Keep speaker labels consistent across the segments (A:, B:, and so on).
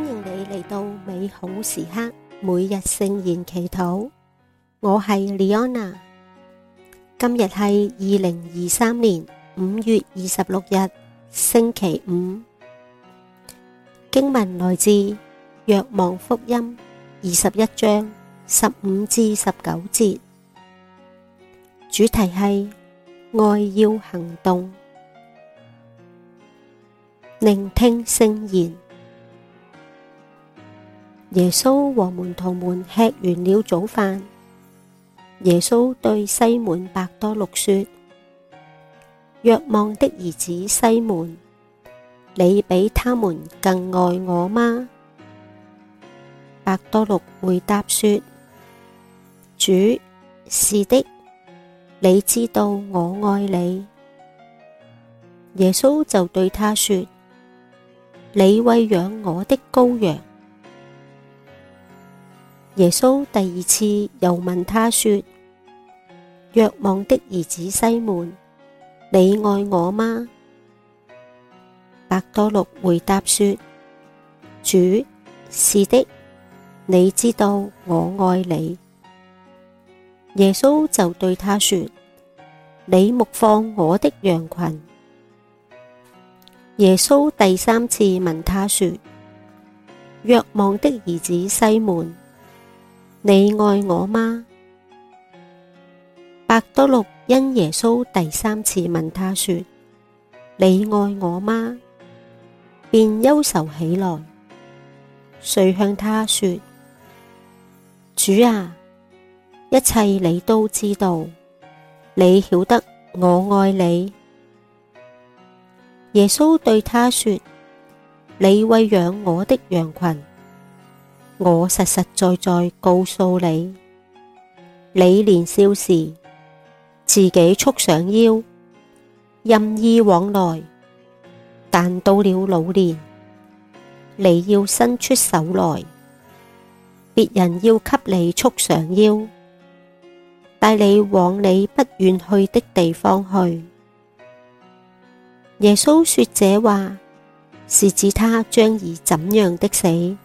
A: 歡迎你嚟到美好時刻，每日聖言祈禱。我係 Lianna，今日係二零二三年五月二十六日，星期五。經文來自《若望福音》二十一章十五至十九節，主題係愛要行動。聆聽聖言。耶穌和門徒們吃完了早飯，耶穌對西滿伯多祿說：若望的兒子西滿，你比他們更愛我嗎？伯多祿回答說：主，是的，你知道我愛你。耶穌就對他說：你餵養我的羔羊。耶穌第二次又問他說：若望的兒子西滿，你愛我嗎？伯多祿回答說：主，是的，你知道我愛你。耶穌就對他說：你牧放我的羊群。耶穌第三次問他說：若望的兒子西滿。你愛我嗎？伯多祿因耶穌第三次問他說：你愛我嗎？便憂愁起來，遂向他說：主啊，一切你都知道，你曉得我愛你。耶穌對他說：你餵養我的羊群。我實實在在告訴你，你年少時自己束上腰，任意往來；但到了老年，你要伸出手來，別人要給你束上腰，帶你往你不願去的地方去。耶穌說這話，是指他將以怎樣的死，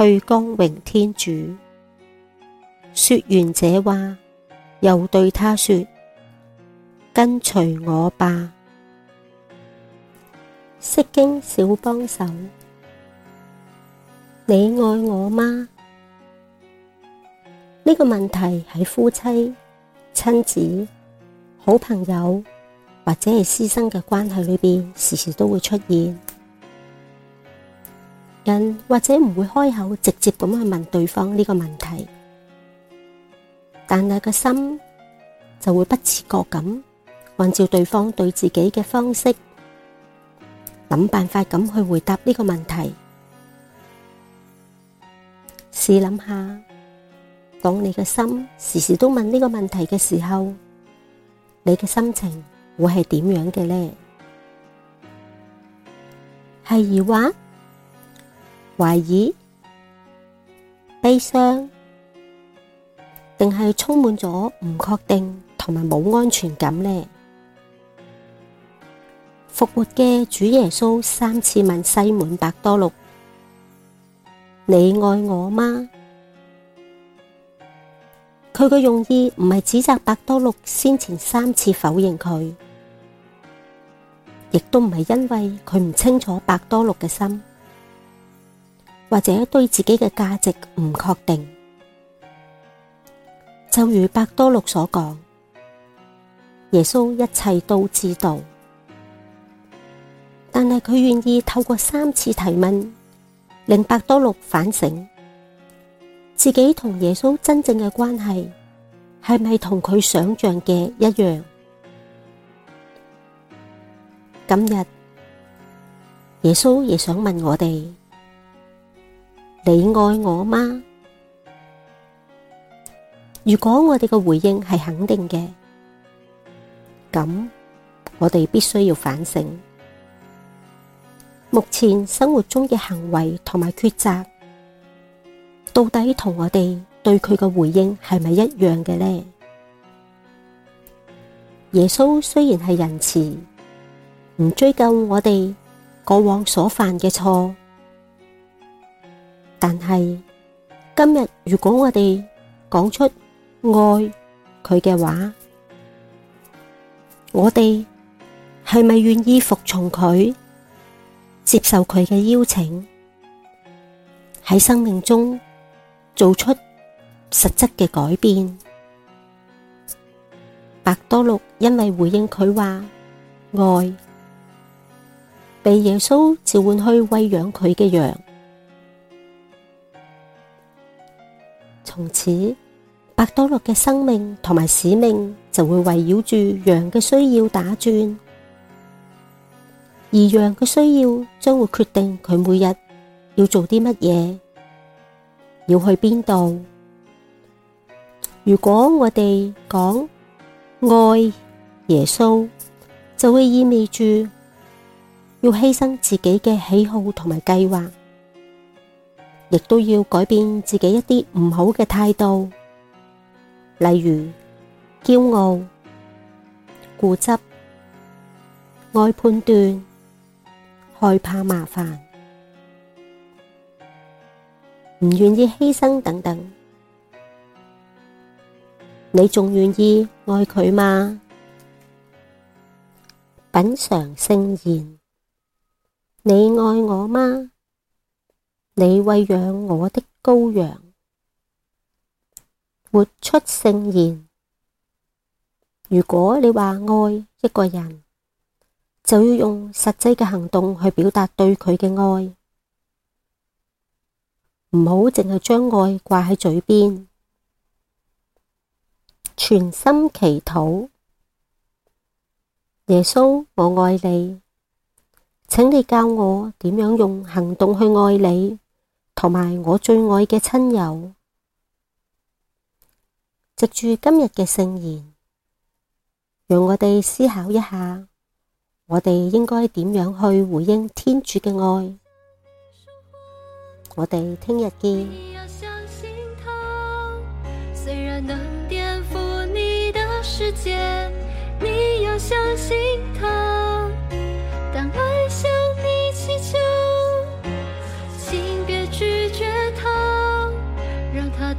A: 去光榮天主，說完這話，又對他說：跟隨我吧。釋經小幫手。你愛我嗎？呢個問題喺夫妻、親子、好朋友或者係師生嘅關係裏邊，時時都會出現。人或者唔會開口直接咁去問對方呢個問題，但係個心就會不自覺咁按照對方對自己嘅方式諗辦法咁去回答呢個問題。試諗下，當你嘅心時時都問呢個問題嘅時候，你嘅心情會係點樣嘅呢？係疑惑。懷疑、悲傷，定係充滿咗唔確定同埋冇安全感呢？復活嘅主耶穌三次問西滿伯多祿：你愛我嗎？佢嘅用意唔係指責伯多祿先前三次否認佢，亦都唔係因為佢唔清楚伯多祿嘅心。或者對自己嘅價值唔確定，就如伯多祿所講，耶穌一切都知道，但係佢願意透過三次提問，令伯多祿反省自己同耶穌真正嘅關係係咪同佢想象嘅一樣？今日耶穌亦想問我哋。你愛我嗎？如果我哋嘅回應係肯定嘅，咁我哋必須要反省，目前生活中嘅行為同埋抉擇，到底同我哋對佢嘅回應係咪一樣嘅呢？耶穌雖然係仁慈，唔追究我哋過往所犯嘅錯。但係今日，如果我哋講出愛佢嘅話，我哋係咪願意服從佢，接受佢嘅邀請，喺生命中做出實質嘅改變？伯多祿因為回應佢話愛，被耶穌召喚去餵養佢嘅羊。從此，伯多祿嘅生命同埋使命就會圍繞住羊嘅需要打轉，而羊嘅需要將會決定佢每日要做啲乜嘢，要去邊度。如果我哋講愛耶穌，就會意味住要犧牲自己嘅喜好同埋計劃。亦都要改變自己一啲唔好嘅態度，例如驕傲、固執、愛判斷、害怕麻煩、唔願意犧牲等等。你仲願意愛佢嗎？品嘗聖言，你愛我嗎？你餵養我的羔羊。活出聖言。如果你話愛一個人，就要用實際嘅行動去表達對佢嘅愛，唔好淨係將愛掛喺嘴邊。全心祈禱，耶穌，我愛你。請你教我點樣用行動去愛你，同埋我最愛嘅親友。藉住今日嘅聖言，讓我哋思考一下，我哋應該點樣去回應天主嘅愛。我哋聽日見。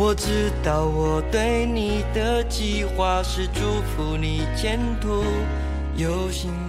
A: 我知道我對你的計劃是祝福你前途有幸。